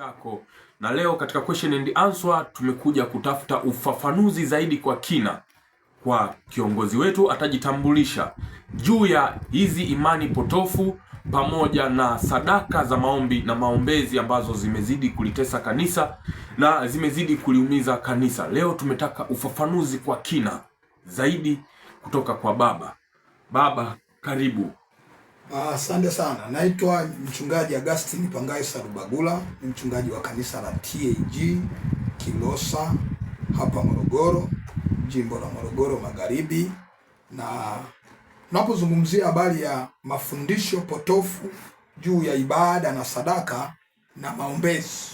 chako. Na leo katika question and answer tumekuja kutafuta ufafanuzi zaidi kwa kina kwa kiongozi wetu, atajitambulisha juu ya hizi imani potofu pamoja na sadaka za maombi na maombezi ambazo zimezidi kulitesa kanisa na zimezidi kuliumiza kanisa. Leo tumetaka ufafanuzi kwa kina zaidi kutoka kwa baba. Baba, karibu. Ah, asante sana. Naitwa mchungaji Agustin Pangai Sarubagula, ni mchungaji wa kanisa la TAG Kilosa hapa Morogoro, jimbo la Morogoro Magharibi. Na tunapozungumzia habari ya mafundisho potofu juu ya ibada na sadaka na maombezi,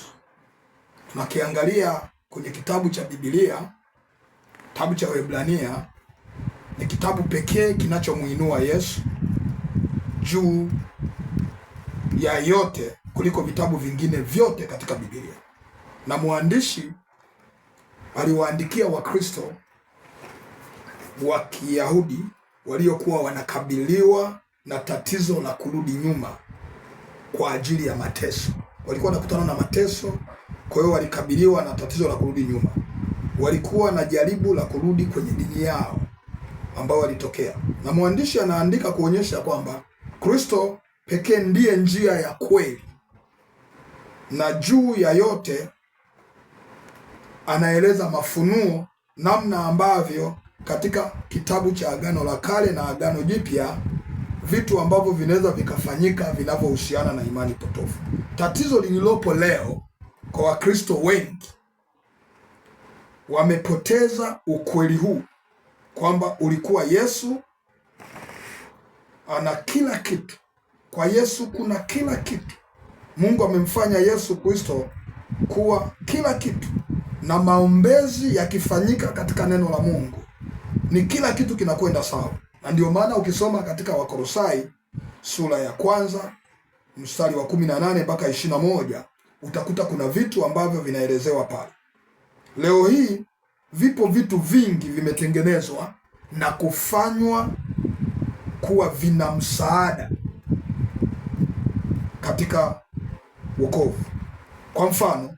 tunakiangalia kwenye kitabu cha Biblia, kitabu cha Waebrania. Ni kitabu pekee kinachomuinua Yesu juu ya yote kuliko vitabu vingine vyote katika Biblia. Na mwandishi aliwaandikia Wakristo wa Kiyahudi waliokuwa wanakabiliwa na tatizo la kurudi nyuma kwa ajili ya mateso. Walikuwa wanakutana na mateso, kwa hiyo walikabiliwa na tatizo la kurudi nyuma. Walikuwa na jaribu la kurudi kwenye dini yao ambao walitokea, na mwandishi anaandika kuonyesha kwamba Kristo pekee ndiye njia ya kweli, na juu ya yote anaeleza mafunuo namna ambavyo katika kitabu cha Agano la Kale na Agano Jipya vitu ambavyo vinaweza vikafanyika vinavyohusiana na imani potofu. Tatizo lililopo leo kwa Wakristo wengi wamepoteza ukweli huu kwamba ulikuwa Yesu ana kila kitu. Kwa Yesu kuna kila kitu. Mungu amemfanya Yesu Kristo kuwa kila kitu, na maombezi yakifanyika katika neno la Mungu ni kila kitu kinakwenda sawa, na ndio maana ukisoma katika Wakolosai sura ya kwanza mstari wa 18 mpaka moja utakuta kuna vitu ambavyo vinaelezewa pale. Leo hii vipo vitu vingi vimetengenezwa na kufanywa kuwa vina msaada katika wokovu. Kwa mfano,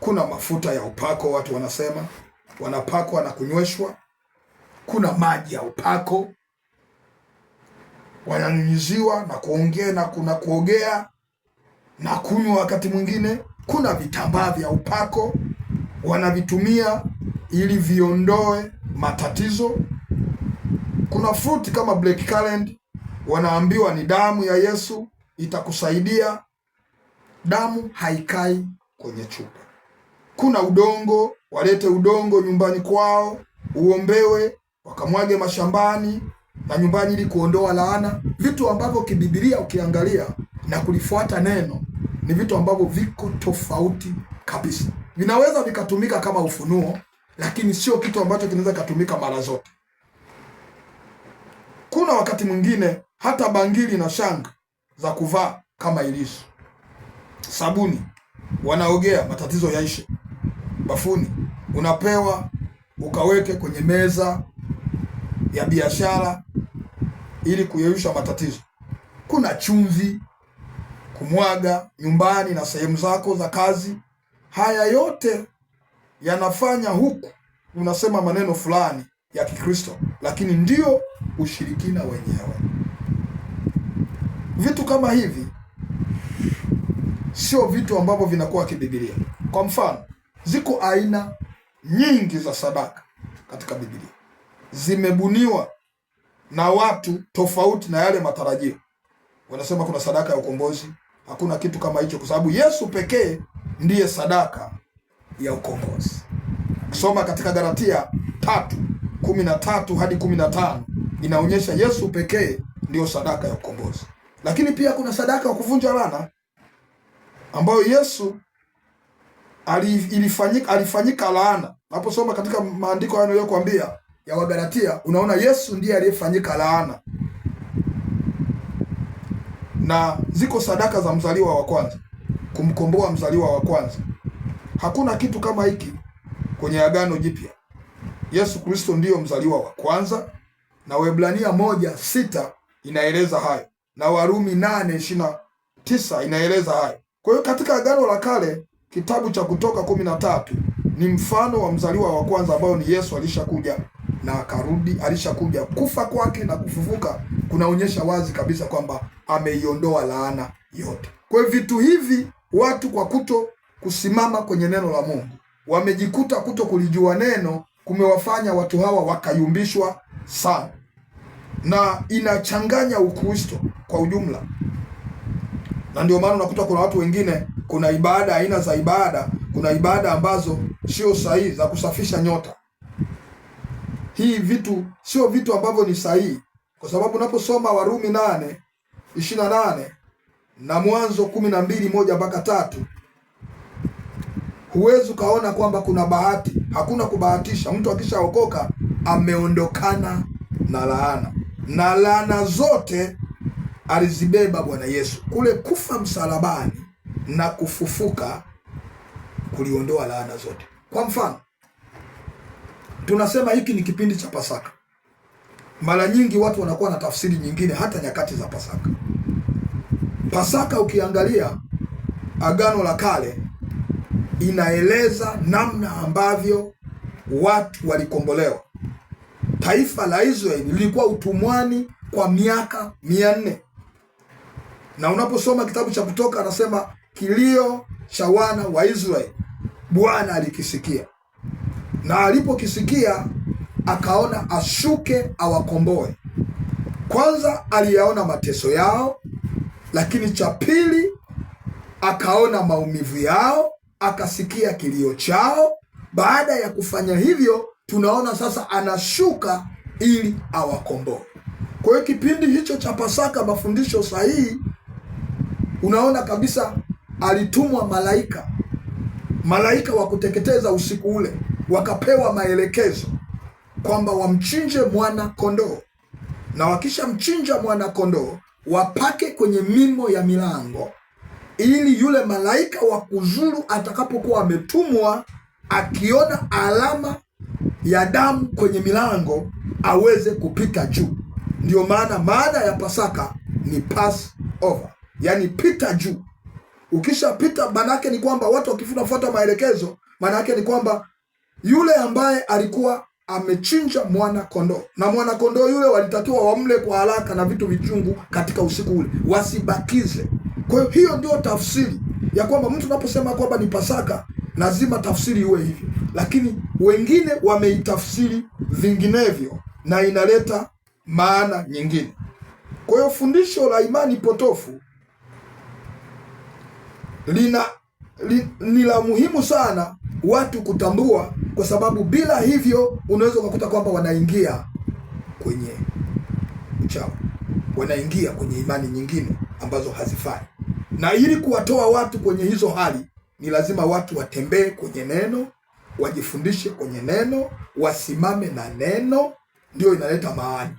kuna mafuta ya upako, watu wanasema wanapakwa na kunyweshwa. Kuna maji ya upako wananyunyiziwa na kuongea na kuna kuogea na kunywa wakati mwingine. Kuna vitambaa vya upako wanavitumia ili viondoe matatizo kuna fruit kama black currant, wanaambiwa ni damu ya Yesu itakusaidia. Damu haikai kwenye chupa. Kuna udongo, walete udongo nyumbani kwao uombewe, wakamwage mashambani na nyumbani, ili kuondoa laana. Vitu ambavyo kibibilia ukiangalia na kulifuata neno ni vitu ambavyo viko tofauti kabisa. Vinaweza vikatumika kama ufunuo, lakini sio kitu ambacho kinaweza kikatumika mara zote kuna wakati mwingine hata bangili na shanga za kuvaa kama ilishi, sabuni, wanaogea matatizo yaishe, bafuni unapewa ukaweke kwenye meza ya biashara ili kuyeyusha matatizo. Kuna chumvi kumwaga nyumbani na sehemu zako za kazi. Haya yote yanafanya huku unasema maneno fulani ya Kikristo, lakini ndio ushirikina wenyewe. Vitu kama hivi sio vitu ambavyo vinakuwa kibibilia. Kwa mfano, ziko aina nyingi za sadaka katika Biblia, zimebuniwa na watu tofauti na yale matarajio. Wanasema kuna sadaka ya ukombozi. Hakuna kitu kama hicho, kwa sababu Yesu pekee ndiye sadaka ya ukombozi. Kusoma katika Galatia tatu kumi na tatu hadi kumi na tano inaonyesha Yesu pekee ndiyo sadaka ya ukombozi, lakini pia kuna sadaka ya kuvunja laana ambayo Yesu alifanyika, alifanyika laana. Unaposoma katika maandiko hayo niliyokuambia ya Wagalatia, unaona Yesu ndiye aliyefanyika laana, na ziko sadaka za mzaliwa wa kwanza kumkomboa mzaliwa wa kwanza. Hakuna kitu kama hiki kwenye Agano Jipya. Yesu Kristo ndiyo mzaliwa wa kwanza na Waebrania moja sita inaeleza hayo na Warumi nane ishirini na tisa inaeleza hayo. Kwa hiyo katika Agano la Kale kitabu cha Kutoka kumi na tatu ni mfano wa mzaliwa wa kwanza ambao ni Yesu alishakuja na akarudi, alishakuja kufa kwake na kufufuka kunaonyesha wazi kabisa kwamba ameiondoa laana yote. Kwa hiyo vitu hivi watu kwa kuto kusimama kwenye neno la Mungu wamejikuta kuto kulijua neno, kumewafanya watu hawa wakayumbishwa sana na inachanganya Ukristo kwa ujumla, na ndio maana unakuta kuna watu wengine, kuna ibada aina za ibada, kuna ibada ambazo sio sahihi za kusafisha nyota. Hii vitu sio vitu ambavyo ni sahihi, kwa sababu unaposoma Warumi nane ishirini na nane na Mwanzo kumi na mbili moja mpaka tatu huwezi ukaona kwamba kuna bahati. Hakuna kubahatisha. Mtu akishaokoka ameondokana na laana na laana zote alizibeba Bwana Yesu. Kule kufa msalabani na kufufuka kuliondoa laana zote. Kwa mfano, tunasema hiki ni kipindi cha Pasaka. Mara nyingi watu wanakuwa na tafsiri nyingine hata nyakati za Pasaka. Pasaka ukiangalia Agano la Kale inaeleza namna ambavyo watu walikombolewa taifa la Israeli lilikuwa utumwani kwa miaka mia nne na unaposoma kitabu cha Kutoka anasema kilio cha wana wa Israeli Bwana alikisikia, na alipokisikia akaona ashuke awakomboe. Kwanza aliyaona mateso yao, lakini cha pili akaona maumivu yao, akasikia kilio chao. Baada ya kufanya hivyo, tunaona sasa anashuka ili awakomboe. Kwa hiyo kipindi hicho cha Pasaka, mafundisho sahihi, unaona kabisa alitumwa malaika, malaika wa kuteketeza usiku ule, wakapewa maelekezo kwamba wamchinje mwana kondoo, na wakishamchinja mwana kondoo wapake kwenye mimo ya milango, ili yule malaika wa kuzuru atakapokuwa ametumwa akiona alama ya damu kwenye milango aweze kupita juu. Ndiyo maana maana ya Pasaka ni pass over, yaani pita juu. Ukishapita manake ni kwamba watu wakifuata maelekezo, manake ni kwamba yule ambaye alikuwa amechinja mwana kondoo na mwana kondoo yule walitakiwa wamle kwa haraka na vitu vichungu katika usiku ule, wasibakize. Kwa hiyo hiyo ndio tafsiri ya kwamba mtu unaposema kwamba ni Pasaka lazima tafsiri iwe hivyo lakini wengine wameitafsiri vinginevyo na inaleta maana nyingine. Kwa hiyo fundisho la imani potofu lina li, ni la muhimu sana watu kutambua, kwa sababu bila hivyo unaweza ukakuta kwamba wanaingia kwenye uchawi, wanaingia kwenye imani nyingine ambazo hazifai. Na ili kuwatoa watu kwenye hizo hali, ni lazima watu watembee kwenye neno wajifundishe kwenye neno, wasimame na neno, ndio inaleta maana.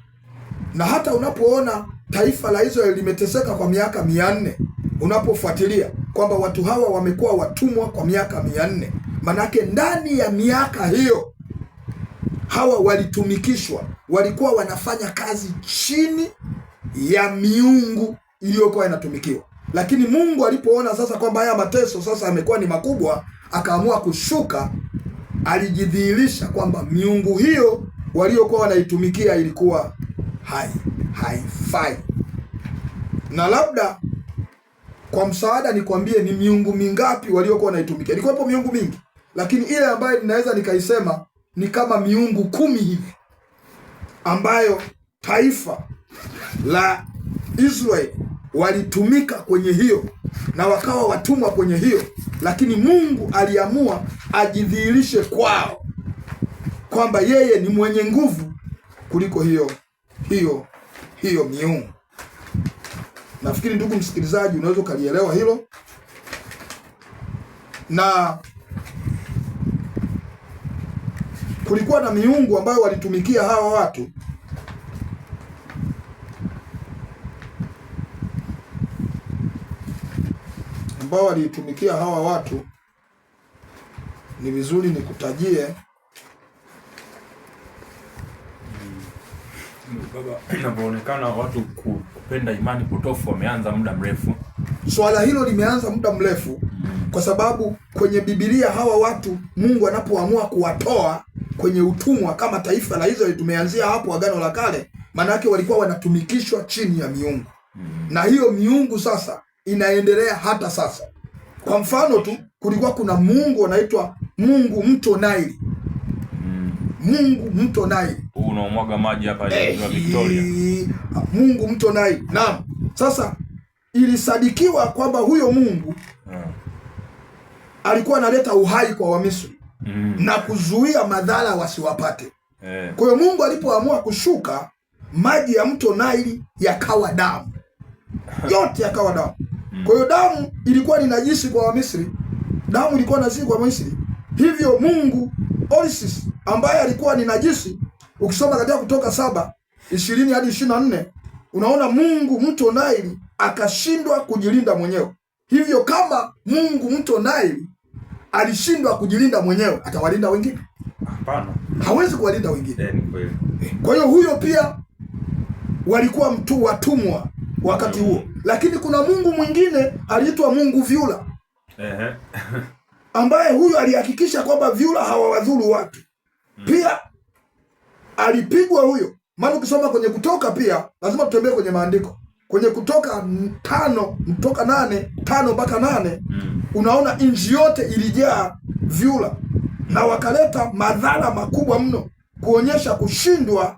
Na hata unapoona taifa la Israeli limeteseka kwa miaka mia nne, unapofuatilia kwamba watu hawa wamekuwa watumwa kwa miaka mia nne, manake ndani ya miaka hiyo hawa walitumikishwa, walikuwa wanafanya kazi chini ya miungu iliyokuwa inatumikiwa. Lakini Mungu alipoona sasa kwamba haya mateso sasa yamekuwa ni makubwa, akaamua kushuka, alijidhihirisha kwamba miungu hiyo waliokuwa wanaitumikia ilikuwa hai haifai, na labda kwa msaada nikwambie ni miungu mingapi waliokuwa wanaitumikia. Ilikuwepo miungu mingi, lakini ile ambayo ninaweza nikaisema ni kama miungu kumi hivi ambayo taifa la Israeli walitumika kwenye hiyo na wakawa watumwa kwenye hiyo lakini Mungu aliamua ajidhihirishe kwao kwamba yeye ni mwenye nguvu kuliko hiyo hiyo hiyo miungu. Nafikiri ndugu msikilizaji, unaweza ukalielewa hilo na kulikuwa na miungu ambayo walitumikia hawa watu ambao waliitumikia hawa watu, ni vizuri nikutajie hmm. Hmm, Baba, inavyoonekana watu kupenda imani potofu wameanza muda mrefu. Swala hilo limeanza muda mrefu hmm. kwa sababu kwenye Biblia hawa watu Mungu anapoamua kuwatoa kwenye utumwa kama taifa la Israeli, tumeanzia hapo Agano la Kale, yake walikuwa wanatumikishwa chini ya miungu, na hiyo miungu sasa inaendelea hata sasa. Kwa mfano tu, kulikuwa kuna mungu anaitwa mungu mto naili Mungu mto naili unaomwaga maji hapa ya eh, Victoria. Mungu mto naili Naam. Sasa ilisadikiwa kwamba huyo Mungu ah. alikuwa analeta uhai kwa Wamisri mm, na kuzuia madhara wasiwapate yeah. Kwa hiyo Mungu alipoamua kushuka, maji ya mto naili yakawa damu yote, yakawa damu Mm. Kwa hiyo damu ilikuwa ni najisi kwa Wamisri, damu ilikuwa najisi kwa Misri. Hivyo Mungu Osiris ambaye alikuwa ni najisi, ukisoma katika Kutoka saba ishirini hadi ishirini na nne unaona Mungu mto Naili akashindwa kujilinda mwenyewe. Hivyo kama Mungu mto Naili alishindwa kujilinda mwenyewe, atawalinda wengine? Hapana, hawezi kuwalinda wengine. Eh, kwa hiyo huyo pia walikuwa mtu watumwa wakati huo, lakini kuna Mungu mwingine aliitwa Mungu vyula ambaye huyu alihakikisha kwamba vyula hawawadhuru watu. Hmm. Pia alipigwa huyo, maana ukisoma kwenye Kutoka pia lazima tutembee kwenye maandiko kwenye Kutoka tano mtoka nane tano mpaka nane hmm. unaona nchi yote ilijaa vyura na wakaleta madhara makubwa mno kuonyesha kushindwa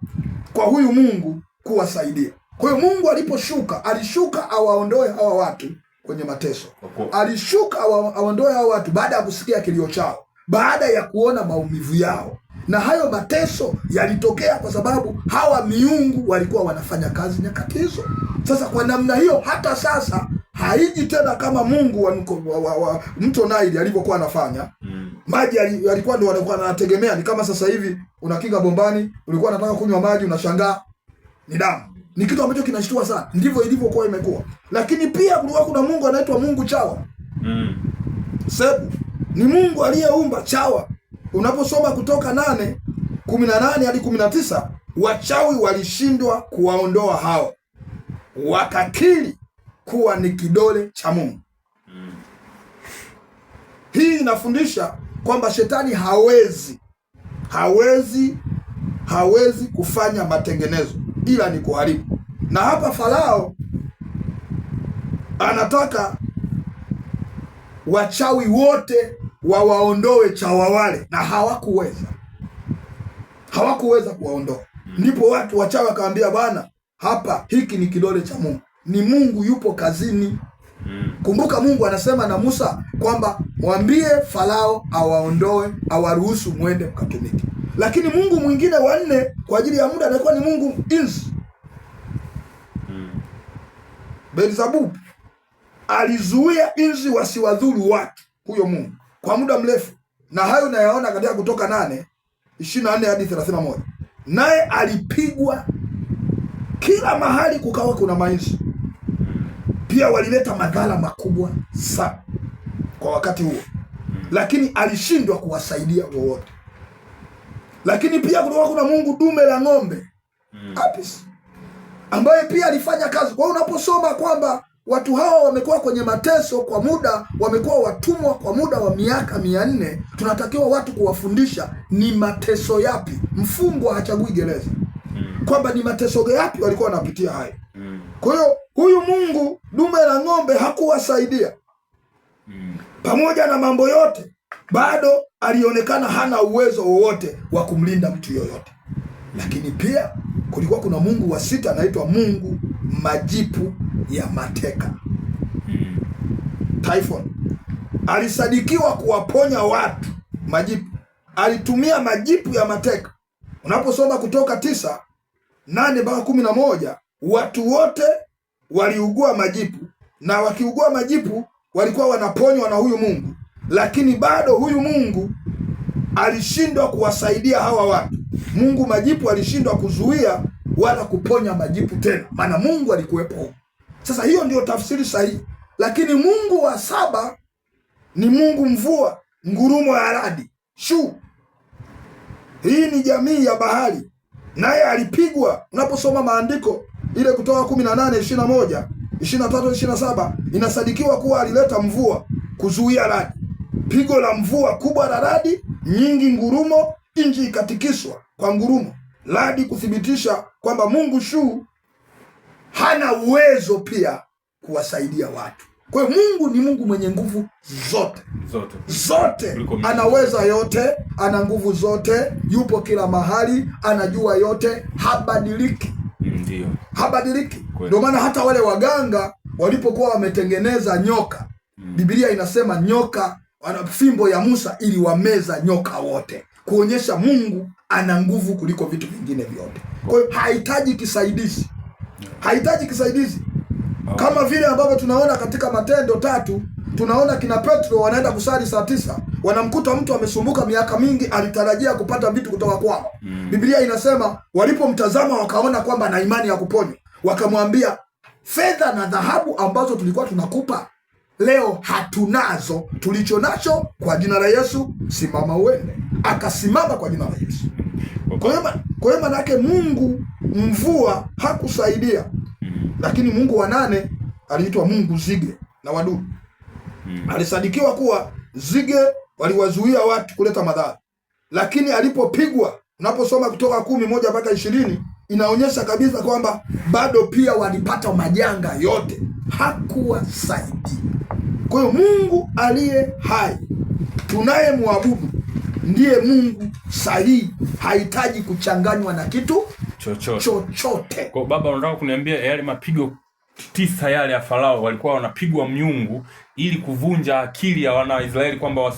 kwa huyu Mungu kuwasaidia. Kwa hiyo Mungu aliposhuka alishuka awaondoe hawa watu kwenye mateso, alishuka awaondoe hawa watu baada ya kusikia kilio chao, baada ya kuona maumivu yao. Na hayo mateso yalitokea kwa sababu hawa miungu walikuwa wanafanya kazi nyakati hizo. Sasa kwa namna hiyo, hata sasa haiji tena kama Mungu wa, wa, wa, wa mto Naili alivyokuwa anafanya mm. Maji yalikuwa ndio walikuwa wanategemea. Ni kama sasa hivi unakinga bombani, ulikuwa unataka kunywa maji, unashangaa ni damu ni kitu ambacho kinashtua sana. Ndivyo ilivyokuwa imekuwa, lakini pia kulikuwa kuna Mungu anaitwa Mungu chawa mm. Sebu ni Mungu aliyeumba chawa. Unaposoma Kutoka nane kumi na nane hadi kumi na tisa wachawi walishindwa kuwaondoa hao, wakakiri kuwa ni kidole cha Mungu mm. Hii inafundisha kwamba shetani hawezi hawezi hawezi kufanya matengenezo ila ni kuharibu. Na hapa Farao anataka wachawi wote wawaondoe chawa wale, na hawakuweza, hawakuweza kuwaondoa. Ndipo watu wachawi wakawambia Bwana, hapa hiki ni kidole cha Mungu, ni Mungu yupo kazini. Kumbuka Mungu anasema na Musa kwamba mwambie Farao awaondoe, awaruhusu mwende mkatumike lakini mungu mwingine wa nne kwa ajili ya muda anakuwa ni mungu ins mm. Belzebubu alizuia inzi wasiwadhuru watu, huyo Mungu kwa muda mrefu, na hayo nayaona katika Kutoka nane ishirini na nne hadi thelathini na moja. Naye alipigwa kila mahali, kukawa kuna mainzi pia, walileta madhara makubwa sana kwa wakati huo, hmm. lakini alishindwa kuwasaidia wowote. Lakini pia kulikuwa kuna mungu dume la ng'ombe mm. Apis ambaye pia alifanya kazi. Kwa hiyo unaposoma kwamba watu hawa wamekuwa kwenye mateso kwa muda, wamekuwa watumwa kwa muda wa miaka mia nne, tunatakiwa watu kuwafundisha ni mateso yapi. Mfungwa hachagui gereza mm. kwamba ni mateso yapi walikuwa wanapitia hayo mm. kwa hiyo huyu mungu dume la ng'ombe hakuwasaidia mm. pamoja na mambo yote bado alionekana hana uwezo wowote wa kumlinda mtu yoyote, lakini pia kulikuwa kuna mungu wa sita anaitwa mungu majipu ya mateka Typhon alisadikiwa kuwaponya watu majipu, alitumia majipu ya mateka. Unaposoma Kutoka tisa nane mpaka kumi na moja watu wote waliugua majipu, na wakiugua majipu walikuwa wanaponywa na huyu mungu lakini bado huyu Mungu alishindwa kuwasaidia hawa watu. Mungu majipu alishindwa kuzuia wala kuponya majipu tena, maana Mungu alikuwepo Sasa hiyo ndio tafsiri sahihi, lakini Mungu wa saba ni Mungu mvua, ngurumo ya radi shu. Hii ni jamii ya bahari, naye alipigwa. Unaposoma maandiko ile Kutoka 18 21 23 27 inasadikiwa kuwa alileta mvua kuzuia radi pigo la mvua kubwa la radi nyingi ngurumo, nchi ikatikiswa kwa ngurumo. Radi kuthibitisha kwamba Mungu shuu hana uwezo pia kuwasaidia watu. Kwa hiyo Mungu ni Mungu mwenye nguvu zote zote, zote. Anaweza yote, ana nguvu zote, yupo kila mahali, anajua yote, habadiliki. Ndio. Habadiliki. Ndio maana hata wale waganga walipokuwa wametengeneza nyoka, mm. Biblia inasema nyoka fimbo ya Musa ili wameza nyoka wote, kuonyesha Mungu ana nguvu kuliko vitu vingine vyote. Kwa hiyo hahitaji kisaidizi, hahitaji kisaidizi kama vile ambavyo tunaona katika Matendo tatu tunaona kina Petro wanaenda kusali saa tisa, wanamkuta mtu amesumbuka miaka mingi, alitarajia kupata vitu kutoka kwao. mm. Biblia inasema walipomtazama wakaona kwamba na imani ya kuponywa, wakamwambia fedha na dhahabu ambazo tulikuwa tunakupa leo hatunazo. Tulicho nacho kwa jina la Yesu, simama uende. Akasimama kwa jina la Yesu. Kwa hiyo manake Mungu mvua hakusaidia, mm-hmm. lakini Mungu wa nane aliitwa Mungu Zige na wadudu mm-hmm. Alisadikiwa kuwa zige waliwazuia watu kuleta madhara, lakini alipopigwa, unaposoma Kutoka kumi moja mpaka ishirini inaonyesha kabisa kwamba bado pia walipata majanga yote, hakuwasaidia. Kwa hiyo Mungu aliye hai tunaye mwabudu ndiye Mungu sahihi, hahitaji kuchanganywa na kitu chochote chochote. Kwa baba, unataka kuniambia yale mapigo tisa yale ya Farao walikuwa wanapigwa miungu ili kuvunja akili ya wana wa Israeli kwamba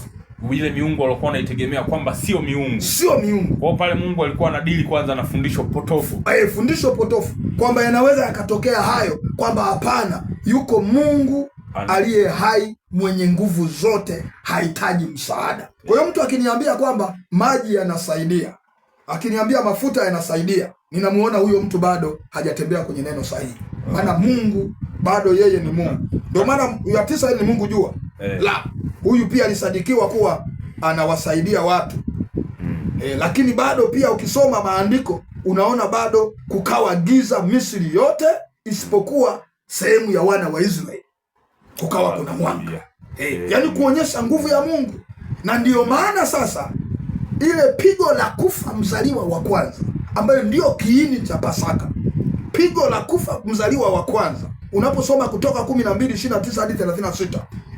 ile miungu walikuwa wanaitegemea kwamba sio miungu, sio miungu. Kwa pale Mungu alikuwa anadili kwanza na fundisho potofu eh, fundisho potofu kwamba yanaweza yakatokea hayo, kwamba hapana, yuko Mungu aliye hai mwenye nguvu zote hahitaji msaada. Kwa hiyo mtu akiniambia kwamba maji yanasaidia, akiniambia mafuta yanasaidia, ninamuona huyo mtu bado hajatembea kwenye neno sahihi, maana Mungu bado yeye ni Mungu. Ndio maana ya tisa ni Mungu jua eh. la huyu pia alisadikiwa kuwa anawasaidia watu hmm. eh, lakini bado pia ukisoma maandiko unaona bado kukawa giza Misri yote isipokuwa sehemu ya wana wa Israeli kukawa kuna mwanga hey, eh, yaani kuonyesha nguvu ya Mungu. Na ndiyo maana sasa ile pigo la kufa mzaliwa wa kwanza ambayo ndiyo kiini cha Pasaka, pigo la kufa mzaliwa wa kwanza, unaposoma Kutoka 12:29 hadi 36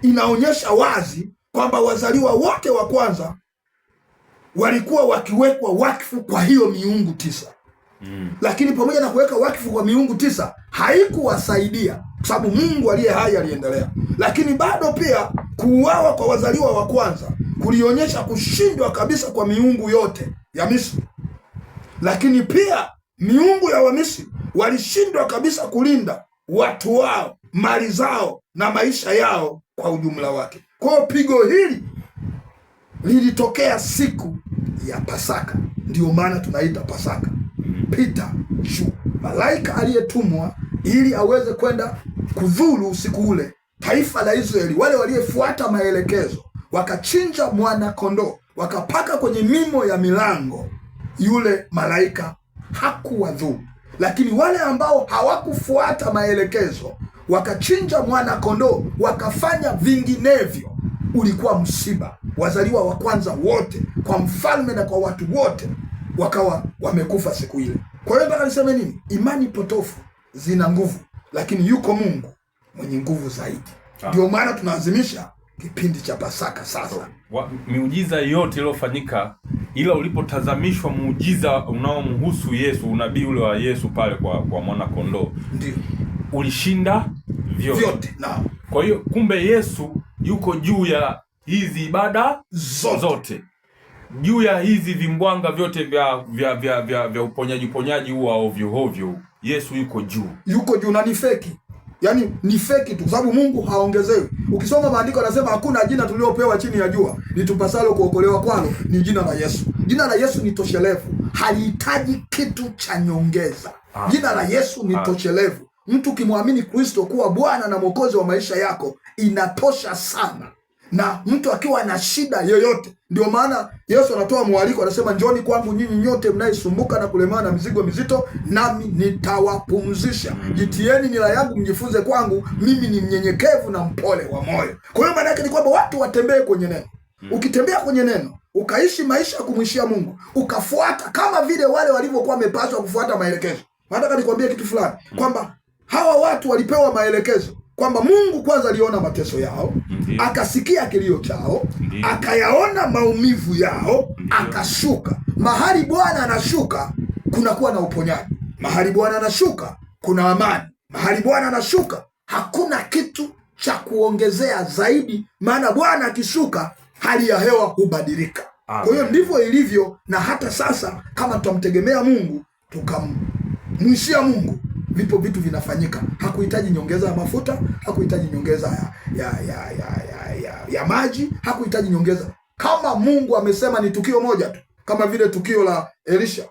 inaonyesha wazi kwamba wazaliwa wote wa kwanza walikuwa wakiwekwa wakfu kwa hiyo miungu tisa mm. Lakini pamoja na kuweka wakfu kwa miungu tisa haikuwasaidia kwa sababu Mungu aliye hai aliendelea, lakini bado pia kuuawa kwa wazaliwa wa kwanza kulionyesha kushindwa kabisa kwa miungu yote ya Misri, lakini pia miungu ya Wamisri walishindwa kabisa kulinda watu wao, mali zao na maisha yao kwa ujumla wake. Kwao pigo hili lilitokea siku ya Pasaka, ndiyo maana tunaita Pasaka malaika aliyetumwa ili aweze kwenda kudhuru usiku ule taifa la Israeli, wale waliyefuata maelekezo wakachinja mwana kondoo wakapaka kwenye mimo ya milango, yule malaika hakuwadhuru. Lakini wale ambao hawakufuata maelekezo wakachinja mwana kondoo wakafanya vinginevyo, ulikuwa msiba. Wazaliwa wa kwanza wote kwa mfalme na kwa watu wote wakawa wamekufa siku ile. Kwa hiyo nataka niseme nini? Imani potofu zina nguvu, lakini yuko Mungu mwenye nguvu zaidi. Ah. Ndio maana tunaadhimisha kipindi cha Pasaka. Sasa wa, miujiza yote iliyofanyika, ila ulipotazamishwa muujiza unaomhusu Yesu, unabii ule wa Yesu pale kwa, kwa mwana kondoo, ndio ulishinda vyote, vyote. Kwa hiyo kumbe Yesu yuko juu ya hizi ibada zote, zote juu ya hizi vimbwanga vyote vya vya vya vya, vya uponyaji uponyaji huu ovyo ovyo, Yesu yuko juu, yuko juu na ni feki Yaani ni feki tu, sababu Mungu haongezewi. Ukisoma maandiko anasema hakuna jina tuliopewa chini ya jua litupasalo kuokolewa kwalo ni jina la Yesu. Jina la Yesu ni toshelevu, halihitaji kitu cha nyongeza. Ah. Jina la Yesu ni ah. toshelevu. Mtu kimwamini Kristo kuwa Bwana na Mwokozi wa maisha yako inatosha sana na mtu akiwa na shida yoyote. Ndio maana Yesu anatoa mwaliko, anasema njoni kwangu nyinyi nyote mnayesumbuka na kulemewa na mizigo mizito, nami nitawapumzisha. Jitieni nira yangu mjifunze kwangu, mimi ni mnyenyekevu na mpole wa moyo. Kwa hiyo maana yake ni kwamba watu watembee kwenye neno. Hmm. Ukitembea kwenye neno ukaishi maisha ya kumwishia Mungu, ukafuata kama vile wale walivyokuwa wamepaswa kufuata maelekezo. Nataka nikwambie kitu fulani hmm. kwamba hawa watu walipewa maelekezo kwamba Mungu kwanza aliona mateso yao Ndiyo. akasikia kilio chao Ndiyo. akayaona maumivu yao Ndiyo. akashuka. Mahali Bwana anashuka kunakuwa na uponyaji, mahali Bwana anashuka kuna amani, mahali Bwana anashuka hakuna kitu cha kuongezea zaidi, maana Bwana akishuka hali ya hewa hubadilika. Kwa hiyo ndivyo ilivyo, na hata sasa kama tutamtegemea Mungu tukamwishia Mungu vipo vitu vinafanyika. Hakuhitaji nyongeza ya mafuta, hakuhitaji nyongeza ya ya ya ya, ya, ya, ya maji, hakuhitaji nyongeza. Kama Mungu amesema ni tukio moja tu, kama vile tukio la Elisha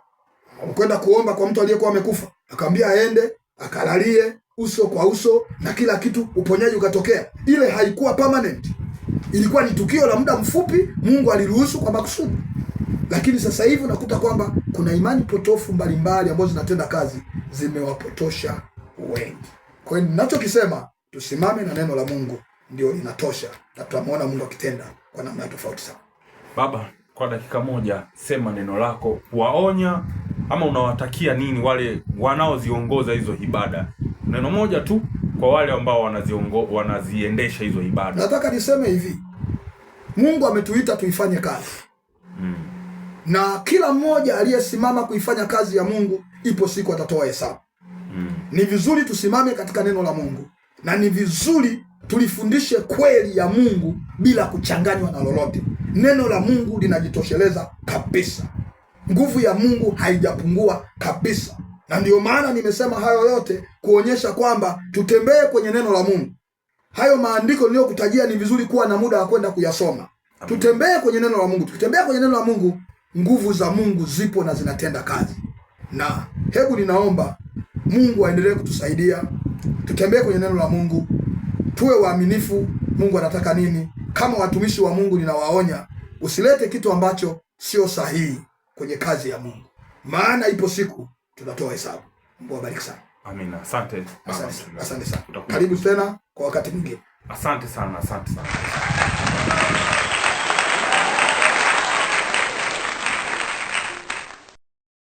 kwenda kuomba kwa mtu aliyekuwa amekufa, akamwambia aende akalalie uso kwa uso na kila kitu, uponyaji ukatokea. Ile haikuwa permanent ilikuwa ni tukio la muda mfupi, Mungu aliruhusu kwa makusudi. Lakini sasa hivi unakuta kwamba kuna imani potofu mbalimbali ambazo zinatenda kazi, zimewapotosha wengi. Kwa hiyo ninachokisema, tusimame na neno la Mungu ndio inatosha, na tutamwona Mungu akitenda kwa namna tofauti sana. Baba, kwa dakika moja, sema neno lako, waonya ama unawatakia nini wale wanaoziongoza hizo ibada? Neno moja tu kwa wale ambao wanaziongo wanaziendesha hizo ibada. Nataka niseme hivi, Mungu ametuita tuifanye kazi mm. na kila mmoja aliyesimama kuifanya kazi ya Mungu, ipo siku atatoa hesabu mm. Ni vizuri tusimame katika neno la Mungu na ni vizuri tulifundishe kweli ya Mungu bila kuchanganywa na lolote. Neno la Mungu linajitosheleza kabisa, nguvu ya Mungu haijapungua kabisa na ndio maana nimesema hayo yote kuonyesha kwamba tutembee kwenye neno la Mungu. Hayo maandiko niliyokutajia ni vizuri kuwa na muda wa kwenda kuyasoma. Tutembee kwenye neno la Mungu. Tukitembea kwenye neno la Mungu, nguvu za Mungu zipo na zinatenda kazi, na hebu ninaomba Mungu aendelee kutusaidia, tutembee kwenye neno la Mungu, tuwe waaminifu. Mungu anataka nini? Kama watumishi wa Mungu, ninawaonya usilete kitu ambacho sio sahihi kwenye kazi ya Mungu, maana ipo siku tunatoa hesabu. Mungu awabariki sana. Amina. Asante. Asante sana. Karibu tena kwa wakati mwingine. Asante sana, asante sana.